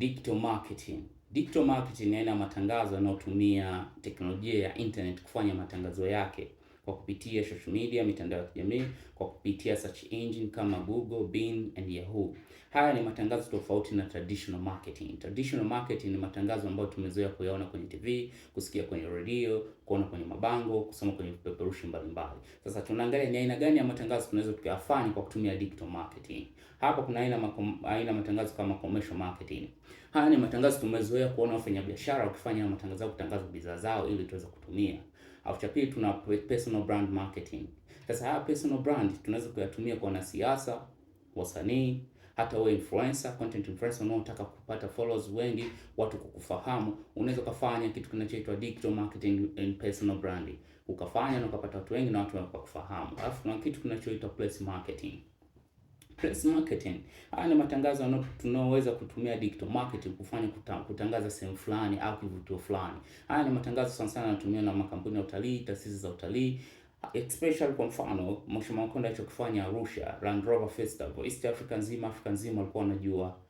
Digital marketing. Digital marketing ni aina ya matangazo yanayotumia teknolojia ya internet kufanya matangazo yake kwa kupitia social media, mitandao ya kijamii, kwa kupitia search engine kama Google, Bing and Yahoo. Haya ni matangazo tofauti na traditional marketing. Traditional marketing ni matangazo ambayo tumezoea kuyaona kwenye TV, kusikia kwenye redio, kuona kwenye mabango, kusoma kwenye peperushi mbalimbali. Sasa tunaangalia ni aina gani ya matangazo tunaweza tukayafanya kwa kutumia digital marketing. Hapa kuna aina makom, aina matangazo kama commercial marketing. Haya ni matangazo tumezoea kuona wafanyabiashara wakifanya matangazo yao kutangaza bidhaa zao ili tuweze kutumia. Alafu cha pili tuna personal brand marketing. Sasa haya personal brand tunaweza kuyatumia kwa wanasiasa, wasanii hata wewe influencer, content influencer unaotaka kupata followers wengi, watu kukufahamu, unaweza kufanya kitu kinachoitwa digital marketing and personal branding, ukafanya na ukapata watu wengi na watu wakakufahamu. Alafu kuna kitu kinachoitwa place marketing. Place marketing, haya ni matangazo tunaoweza kutumia digital marketing kufanya kutangaza sehemu fulani au kivutio fulani. Haya ni matangazo sana sana yanatumiwa na makampuni ya utalii, taasisi za utalii especially kwa mfano Mheshimiwa Makonda alichokifanya Arusha, Land Rover Festival, East Africa nzima, Afrika nzima walikuwa wanajua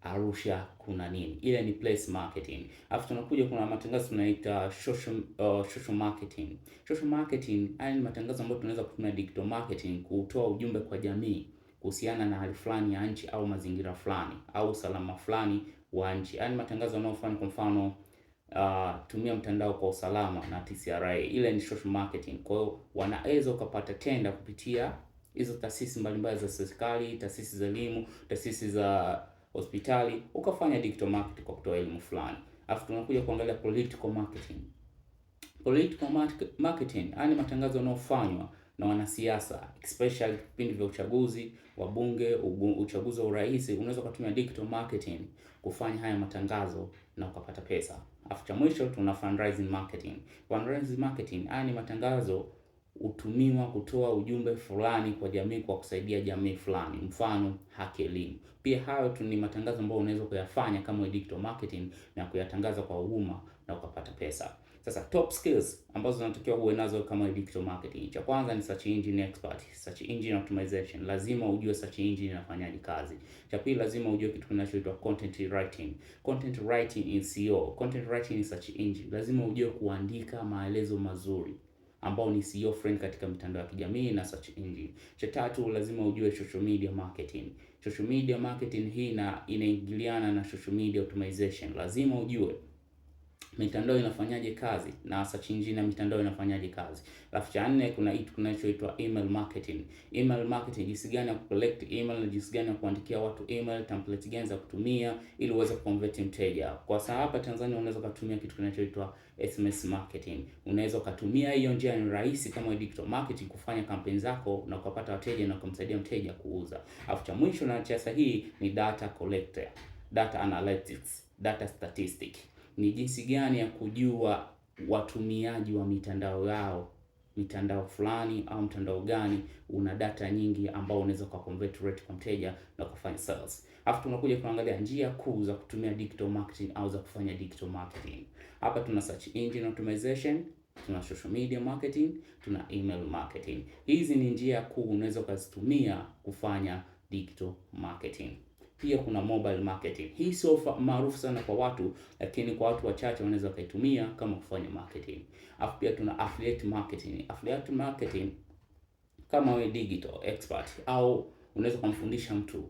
Arusha kuna nini. Ile ni place marketing. Alafu tunakuja kuna matangazo tunaita social, uh, social marketing. Social marketing haya ni matangazo ambayo tunaweza kutumia digital marketing kutoa ujumbe kwa jamii kuhusiana na hali fulani ya nchi au mazingira fulani au usalama fulani wa nchi. Haya ni matangazo yanayofanya kwa mfano uh, tumia mtandao kwa usalama na TCRA, ile ni social marketing. Kwa hiyo wanaweza ukapata tenda kupitia hizo taasisi mbalimbali za serikali, taasisi za elimu, taasisi za hospitali, ukafanya digital marketing kwa kutoa elimu fulani. Alafu tunakuja kuangalia political marketing. Political marketing, yani matangazo yanayofanywa na wanasiasa especially vipindi vya uchaguzi wa bunge, uchaguzi wa urais, unaweza kutumia digital marketing kufanya haya matangazo na ukapata pesa. Afu cha mwisho tuna fundraising marketing. Fundraising marketing, haya ni matangazo hutumiwa kutoa ujumbe fulani kwa jamii kwa kusaidia jamii fulani, mfano haki elimu. Pia hayo tu ni matangazo ambayo unaweza kuyafanya kama digital marketing na kuyatangaza kwa umma na ukapata pesa. Sasa top skills ambazo zinatakiwa uwe nazo kama digital marketing, cha kwanza ni search engine expert, search engine optimization. Lazima ujue search engine inafanyaje kazi. Cha pili, lazima ujue kitu kinachoitwa content writing, content writing in SEO, content writing in search engine. Lazima ujue kuandika maelezo mazuri ambao ni SEO friend katika mitandao ya kijamii na search engine. Cha tatu, lazima ujue social media marketing. Social media marketing hii na inaingiliana na social media optimization, lazima ujue mitandao inafanyaje kazi na search engine ya mitandao inafanyaje kazi. Alafu cha nne kuna kitu kinachoitwa email marketing. Email marketing, jinsi gani ya collect email na jinsi gani ya kuandikia watu email, template gani za kutumia ili uweze kuconvert mteja. Kwa sasa hapa Tanzania unaweza kutumia kitu kinachoitwa SMS marketing. Unaweza kutumia hiyo njia, ni rahisi kama digital marketing kufanya kampeni zako na kupata wateja na kumsaidia mteja kuuza. Alafu cha mwisho na cha sahihi ni data collector, data analytics, data statistic ni jinsi gani ya kujua watumiaji wa mitandao yao, mitandao fulani au mtandao gani una data nyingi ambao unaweza kwa convert rate kwa mteja na kufanya sales. Alafu tunakuja kuangalia njia kuu za kutumia digital marketing au za kufanya digital marketing. Hapa tuna search engine optimization, tuna social media marketing, tuna email marketing. Hizi ni njia kuu unaweza ukazitumia kufanya digital marketing. Pia kuna mobile marketing. Hii sio maarufu sana kwa watu, lakini kwa watu wachache wanaweza wakaitumia kama kufanya marketing. Alafu pia tuna affiliate marketing. Affiliate marketing kama we digital expert au unaweza kumfundisha mtu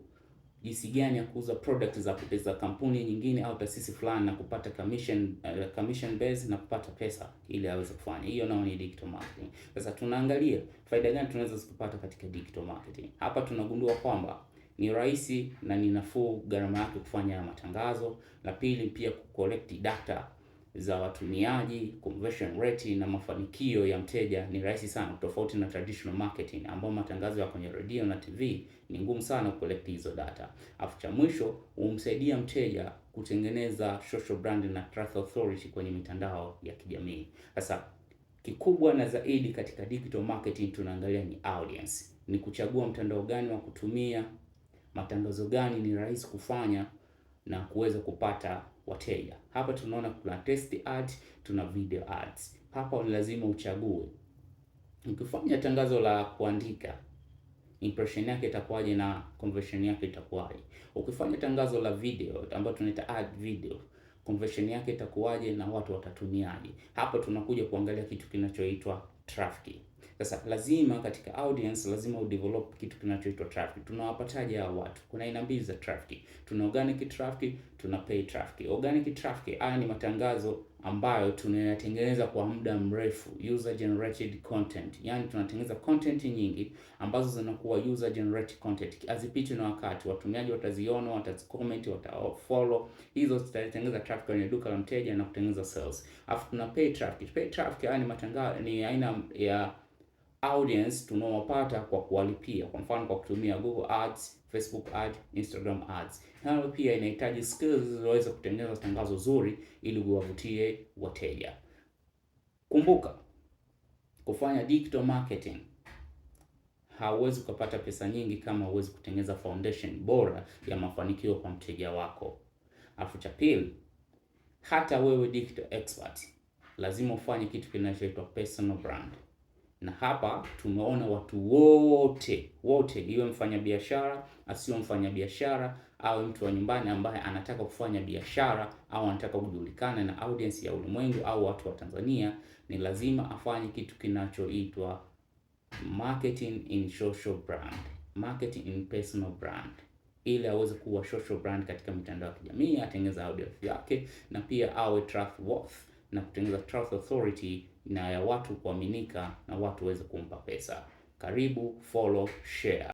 jinsi gani ya kuuza product za kupeza kampuni nyingine au taasisi fulani na kupata commission uh, commission base na kupata pesa ili aweze kufanya hiyo, nao ni digital marketing. Sasa tunaangalia faida gani tunaweza kupata katika digital marketing. Hapa tunagundua kwamba ni rahisi na ni nafuu gharama yake kufanya matangazo. La pili pia kucollect data za watumiaji, conversion rate na mafanikio ya mteja ni rahisi sana, tofauti na traditional marketing ambao matangazo ya kwenye radio na TV ni ngumu sana kucollect hizo data. Afu cha mwisho humsaidia mteja kutengeneza social brand na trust authority kwenye mitandao ya kijamii. Sasa kikubwa na zaidi katika digital marketing tunaangalia ni audience, ni kuchagua mtandao gani wa kutumia matangazo gani ni rahisi kufanya na kuweza kupata wateja. Hapa tunaona kuna test ad, tuna video ads. Hapa ni lazima uchague. Ukifanya tangazo la kuandika impression yake itakuwaje na conversion yake itakuwaje? Ukifanya tangazo la video ambayo tunaita ad video, conversion yake itakuwaje na watu watatumiaje? Hapa tunakuja kuangalia kitu kinachoitwa traffic. Sasa lazima katika audience lazima udevelop kitu kinachoitwa traffic. Tunawapataje hao watu? Kuna aina mbili za traffic. Tuna organic traffic, tuna paid traffic. Organic traffic haya ni matangazo ambayo tunayatengeneza kwa muda mrefu, user generated content. Yaani tunatengeneza content nyingi ambazo zinakuwa user generated content, hazipitwi na wakati. Watumiaji wataziona, watazicomment, watafollow. Hizo zitatengeneza traffic kwenye duka la mteja na kutengeneza sales. Afu tuna paid traffic. Paid traffic haya ni matangazo, ni aina ya audience tunaowapata kwa kuwalipia, kwa mfano kwa kutumia Google Ads, Facebook Ads, Instagram Ads. Nayo pia inahitaji skills zilizoweza kutengeneza tangazo zuri ili kuwavutie wateja. Kumbuka kufanya digital marketing hauwezi ukapata pesa nyingi kama huwezi kutengeneza foundation bora ya mafanikio kwa mteja wako. Alafu cha pili, hata wewe digital expert lazima ufanye kitu kinachoitwa personal brand na hapa tunaona watu wote wote, iwe mfanyabiashara, asiyo mfanyabiashara, au mtu wa nyumbani ambaye anataka kufanya biashara au anataka kujulikana na audience ya ulimwengu au watu wa Tanzania, ni lazima afanye kitu kinachoitwa marketing in social brand, marketing in personal brand, ili aweze kuwa social brand katika mitandao ya kijamii, atengeneza audience yake na pia awe trustworthy na kutengeneza trust authority na ya watu kuaminika na watu waweze kumpa pesa. Karibu, follow, share.